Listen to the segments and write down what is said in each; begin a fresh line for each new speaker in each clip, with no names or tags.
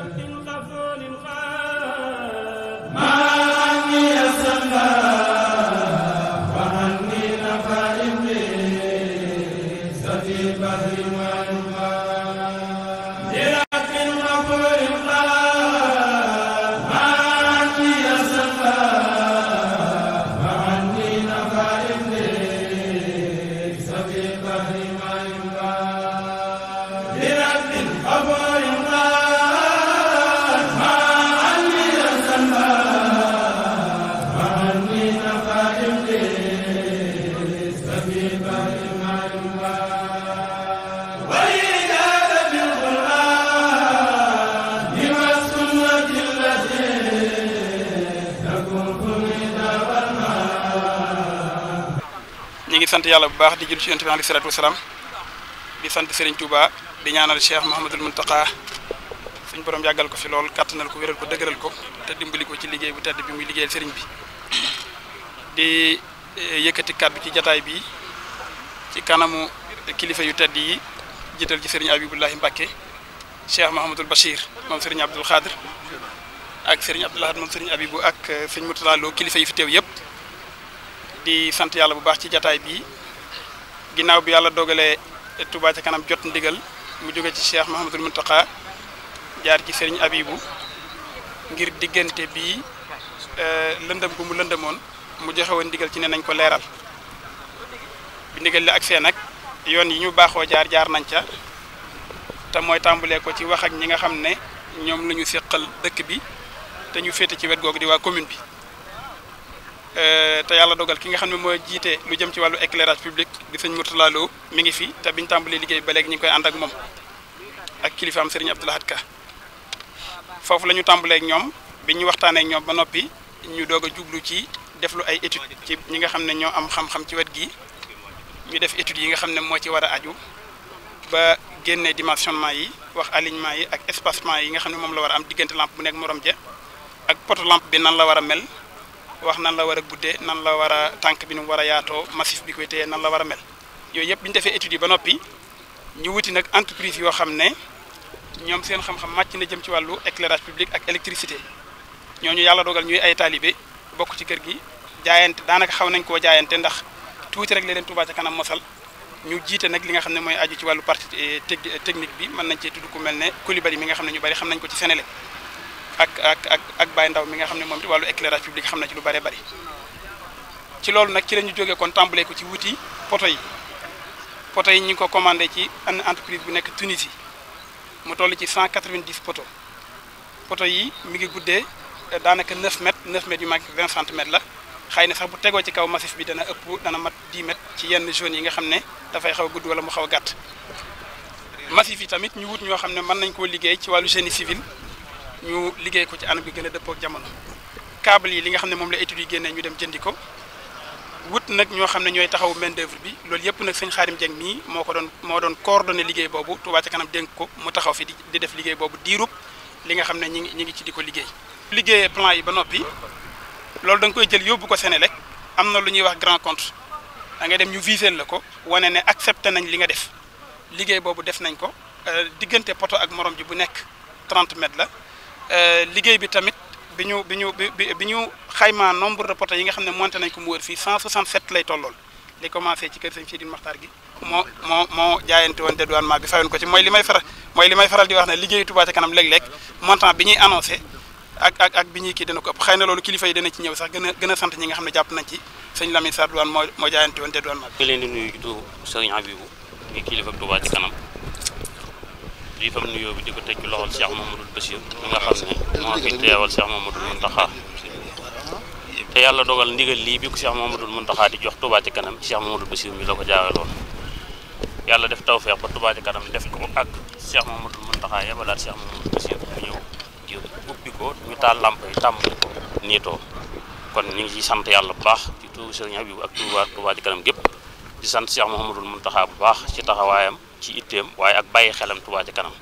Thank you.
ñu ngi sant yàlla bu baax di jul ci yonent bi alayhi salaatu wasalaam di sant seriñ Touba di ñaanal Cheikh Mouhamadul Mountakha suñ borom yàggal ko fi lool kàttanal ko wéral ko dëgëral ko te dimbali ko ci liggéey bu tedd bi muy liggéeyal Serigne bi di eh, yëkkati kàddu ci jataay bi ci kanamu kilifa yu tedd yi jiital ci Serigne Abibullahi Mbacke Cheikh Mouhamadul Bachir moom Serigne Abdoul Khadr ak Serigne Abdoul Ahad moom Serigne Abibou ak eh, Serigne Moutala Lo kilifa yi fi teew yëpp. di sant yàlla bu baax ci jataay bii ginnaaw bi yàlla dogalee Touba ca kanam jot ndigal mu jóge ci Cheikh Mahamadul Muntaqa jaar ci Serigne Abibu ngir diggante bii euh, lëndëm gu mu lëndëmoon mu joxe ndigal ci ne nañ ko leeral bi ndigal li ak nag yoon yi ñu baaxoo jaar jaar nañ ca te mooy tàmbalee ko ci wax ak ñi nga xam ne ñoom lañu ñu seqal dëkk bi te ñu féete ci wet googu di waa commune bi Euh, te yàlla dogal ki nga xam ne mooy jiite lu jëm ci wàllu éclairage public di sëñ Mourtala Lo mi ngi fi te biñ tàmbalee liggéey ba léegi ñu ngi koy ànd ak moom ak kilifaam sëriñ Abdou Lahad foofu la ñu tàmbalee ñoom bi ñu waxtaanee ñoom ba noppi ñu doog a jublu ci def lu ay étude ci ñi nga xam ne ñoo am xam-xam ci wet gi ñu def études yi nga xam ne moo ci war a aju ba génne dimensionnement yi wax alignement yi ak espacement yi nga xam ne moom la war a am diggante lampe bu nekk morom ja ak poto lampe bi la war a mel. wax nan la war a guddee nan la war a tànk bi nu war a yaatoo massif bi koy téye nan la war a mel yooy yëpp bi ñu defee études ba noppi ñu wuti nag entreprise yoo xam ne ñoom seen xam-xam màcc na jëm ci wàllu éclairage public ak électricité ñu yàlla dogal ñuy ay taalibe bokk ci kër gi jaayante daanaka xaw nañ koo jaayante ndax tuuti rek la leen Touba ca kanam mosal ñu jiite nag li nga xam ne mooy aju ci wàllu parti eh, technique bi mën nañ cee tudd ku mel ne Coulibaly mi nga xam ne ñu bari xam nañ ko ci Sénégal ak ak ak ak Baye Ndaw mi nga xam ne moom ci wàllu éclairage public xam na ci lu bare bari ci loolu nag ci la ñu jógee kon tàmbalee ko ci wuti poto yi poto yi ñu ngi ko commandé ci an entreprise bu nekk Tunisie mu toll ci cent 190 poto poto yi mi ngi guddee daanaka 9 mètres 9 mètres yu mag 20 centimètres la xëy na sax bu tegoo ci kaw massif bi dana ëpp dana mat 10 mètres ci yenn zones yi nga xam ne dafay xaw a gudd wala mu xaw a gàtt massif yi tamit ñu wut ñoo xam ne mën nañ koo liggéey ci wàllu génie civil ñu liggéey ko ci anam bi gën a dëppoo ak jamono câble yi li nga xam ne moom la études yi génnee ñu dem jëndi ko wut nag ñoo xam ne ñooy taxaw main d'œuvre bi loolu yëpp nag sëñ Xaarim Dieng mii moo ko doon moo doon coordonné liggéey boobu Touba ca kanam dénk ko mu taxaw fi di def liggéey boobu diirub li nga xam ne ñi ngi ñi ngi ci di ko liggéey liggéeyee plan yi ba noppi loolu da nga koy jël yóbbu ko rek am na lu ñuy wax grand compte da ngay dem ñu viseel la ko wane ne accepté nañ li nga def liggéey boobu def nañ ko euh, diggante poto ak morom ji bu nekk 30 la Euh, liggéey bi tamit bi ñu bi ñu bi ñu xayma nombre de poteaux yi nga xam ne monté nañ ko mu wër fii 167 lay tollool li commencé ci kër sëñ Sidi Maxtaar gi moo moo moo jaayante woon dédouanement bi fayoon mooy li may faral mooy li may faral di wax ne liggéeyu Touba ca kanam léeg-léeg montant bi ñuy annoncé ak ak bi ñuy kii dana ko ëpp xëy na loolu kilifa yi dana ci ñëw sax gën a gën sant ñi nga xam ne jàpp nañ ci sëñ Lamine Sarr douane moo moo jaayante woon dédouanement bi. ñu leen di nuyu du sëriñ Abibou di kilifa Touba kanam di fam nuyoo bi di ko teg ci loxol Cheikh Mamadou Bassir
mi nga xam ne moo fi teewal Cheikh Mamadou Muntaxa te yàlla dogal ndigal lii bi ko Cheikh Mamadou di jox Touba ci kanam Cheikh Mamadou Bassir mi la ko jaaweloon def tawfeex ba Touba ci kanam def ko ak Cheikh Mamadou Muntaxa yebalaat Cheikh Mamadou Bassir mu ñëw ngir ubbi ko ñu taal lamp yi tàmm ko niitoo kon ñu ngi ciy sant yàlla bu baax ci tuubu Serigne Habib ak Touba Touba ci kanam gépp di sant Cheikh Mamadou muntaha bu baax ci ci itteem waaye ak bàyyi xelam Touba ca kanam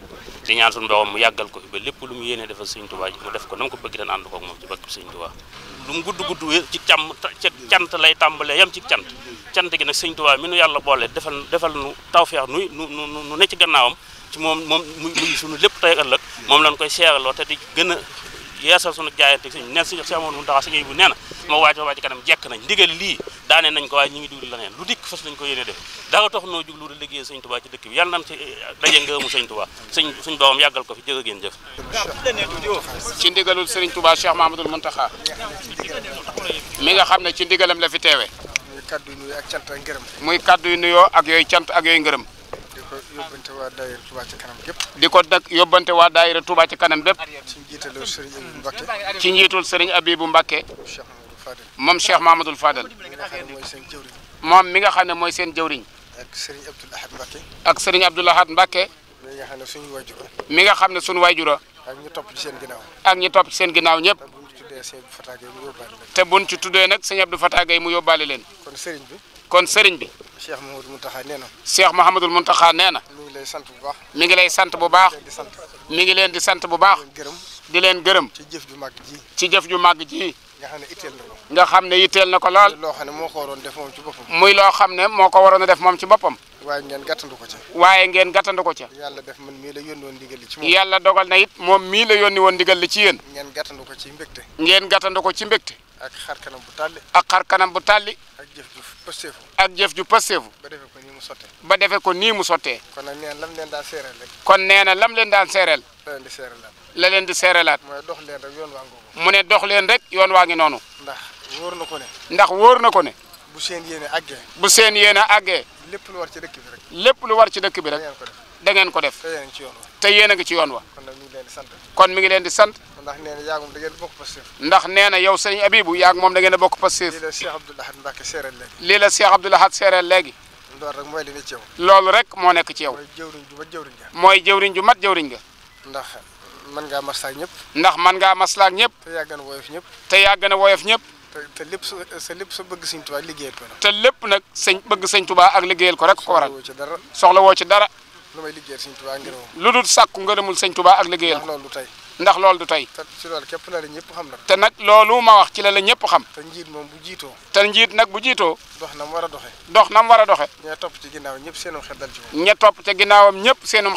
di ñaan suñu doom mu yàggal ko fi ba lépp lu mu yéene defal sëñ Touba ji mu def ko na mu ko bëgg dan ànd kook moom ci bëgg sëñ Touba lu mu gudd gudd ci càmm cant lay tàmbalee yam ci cant cant gi nag sëñ Touba mi nu yàlla boole defal defal nu tawfeex nu nu nu nu ne ci gannaawam ci moom moom muy muy lépp tey ëllëg moom lañ koy seeraloo te di gën a yeesal suñu jaayante sëñ neen si semoon mu taxaw sëñ bu nee na moo waaj Touba ci kanam jekk nañ ndigal lii daane nañ ko waaye ñu ngi la leneen lu dikk fas nañ ko yéene def dara tax noo jug lu dul liggéey sëñ Tuubaa ci dëkk bi yàlla nañ ci eh, daje ngërëmu sëñ Tuubaa sëñ suñ doom yàggal ko fi jërë ngeen jëf
ci ndigalul sëriñ Tuubaa Cheikh Mahamadul Muntaxa mi nga xam ne ci ndigalam la fi teewe
muy kaddu yu nuyoo ak cant ak ngërëm
muy kaddu yu nuyoo ak yooyu cant ak yooyu ngërëm di ko yóbbante waa daayira Touba ci kanam yëpp. di ko nag yóbbante waa daayira Touba ci kanam bépp. ci njiitalu Serigne Abibou Mbacke. ci njiitul Serigne Abibou Mbacke. mom Cheikh mamadou Fadal mom mi nga xamne moy sen jeuwriñ ak
Serigne Abdoul Ahad
mbake ak Serigne Abdoul Ahad mbake
mi nga xamne suñu wayjura
mi nga xamne suñu wayjura
ak ñu top ci sen ginaaw
ak ñu top ci sen ginaaw ñep te buñ ci tuddé nak Serigne Abdou Fatah gay mu yóbbaale len kon Serigne bi kon Serigne bi
Cheikh mamadou Mountakha neena
Cheikh mamadou Mountakha neena
mi ngi lay sant bu baax
mi ngi lay sant bu baax mi ngi len di sant bu baax di len gërëm ci jëf ju mag ji ci jëf ju mag ji
nga xam ne itteel na ko.
nga xam ne itteel na ko lool. loo
xam ne moo ko waroon def moom ci boppam. muy loo
xam ne moo ko waroon a def moom ci boppam. waaye ko ca. waaye ngeen gàttandu ko ca. yàlla def man dogal na it moom mii la yónni woon ndigal li ci yéen.
ngeen gàttandu ci mbégte.
ngeen gàttandu ci mbégte.
ak xar bu tàlli. ak xar
ju pësteefu. ba defee ko nii mu kon nag lam leen daan seereel la leen di seerelaat. la leen di seerelaat. mooy dox leen mu ne dox leen rek yoon waa ngi noonu.
ndax wóor na ko ne.
ndax wóor na ko ne.
bu seen yéene àggee.
bu seen yéene àggee.
lépp lu war ci dëkk bi rek.
lépp lu war ci dëkk bi rek. da ngeen ko def. te yéen ngi ci yoon wa.
kon mi ngi leen di sant. kon
mi ngi leen di sant.
ndax nee na yaa moom da ngeen
ndax nee na yow sëñ Abibu yaa moom da ngeen a bokk Pastef. lii la
Cheikh Abdoul Ahad Mbacke seereel
léegi. la Cheikh Abdoul Ahad
loolu rek mooy li ne loolu rek moo nekk ci yow.
mooy jëwriñ ju mat jëwriñ nga. mooy jëwriñ ju mat jëwriñ nga. ndax man ngaa maslaa ñëpp ndax man ngaa maslaa ñëpp te yàgg na woyof ñëpp te yàgg na woyof ñëpp lépp sa sa lépp sa bëgg sëñ Tuubaa liggéeyal ko te lépp nag sëñ bëgg sëñ ak liggéeyal ko rek ko waral soxla woo ci dara
lu may liggéeyal sëñ Tuubaa ngërëmam
lu dul sàkku ngërëmul sëñ Tuubaa ak liggéeyal ko loolu tey ndax loolu du te
ci loolu képp la la ñëpp xam nag.
te nag loolu ma wax ci la la ñëpp xam. te njiit moom bu jiitoo. te njiit nag bu jiitoo.
dox na mu war doxe. dox na mu war a doxe.
ña ci ginnaaw ñëpp seenum xel dal ci moom. ña topp ci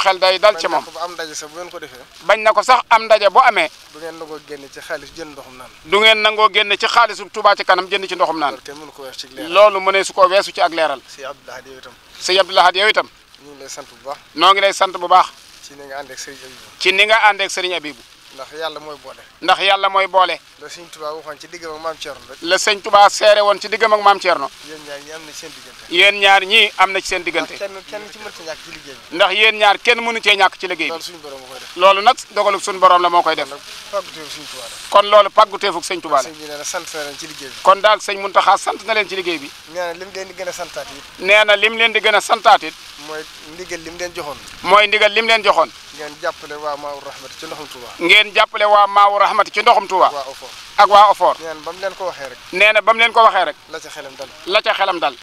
xel day dal ci moom. bañ
na ko am ndaje sax bu ngeen ko defee. bañ
na ko am ndaje bu amee.
du ngeen nangoo génn ci xaalis jënd ndoxum naan.
du ngeen nangoo génn ci xaalisu Tuubaa ci kanam jënd ci ndoxum naan. loolu mu ne su ko weesu ci ak leeral. sëñ Abdou Lahad lay sant bu baax. noo ngi lay sant bu baax. ci ni nga ànd ni nga ànd ak sëriñ Abibu
ndax yàlla mooy boole.
ndax yàlla mooy boole.
la sëñ Touba waxoon ci diggam ak maam Thierno rek. la
sëñ Touba seere woon ci diggam ak maam Thierno.
yéen ñaar na ci seen diggante.
yéen ñaar ñii am na ci seen diggante. ndax
kenn kenn ci mënut a ñàkk ci liggéey
bi. ndax yéen ñaar kenn mënu cee ñàkk ci liggéey bi. loolu suñu borom moo koy def. nag dogalu suñu borom la moo koy def. kon loolu pàgguteefuk sëñ Touba la. kon daal sëñ Muntaxa sant na leen ci liggéey bi. nee lim leen di gën a santaat moy ndigal lim len joxon mooy ndigal ngeen
jàppale waa Maawu Rahmati ci ndoxum Touba. ngeen
jàppale waa Maawu Rahmati ci ndoxum Touba. ak waa Ofor. ak waa Ofor. ko waxee rek. la ca xelam dal. la ca xelam dal.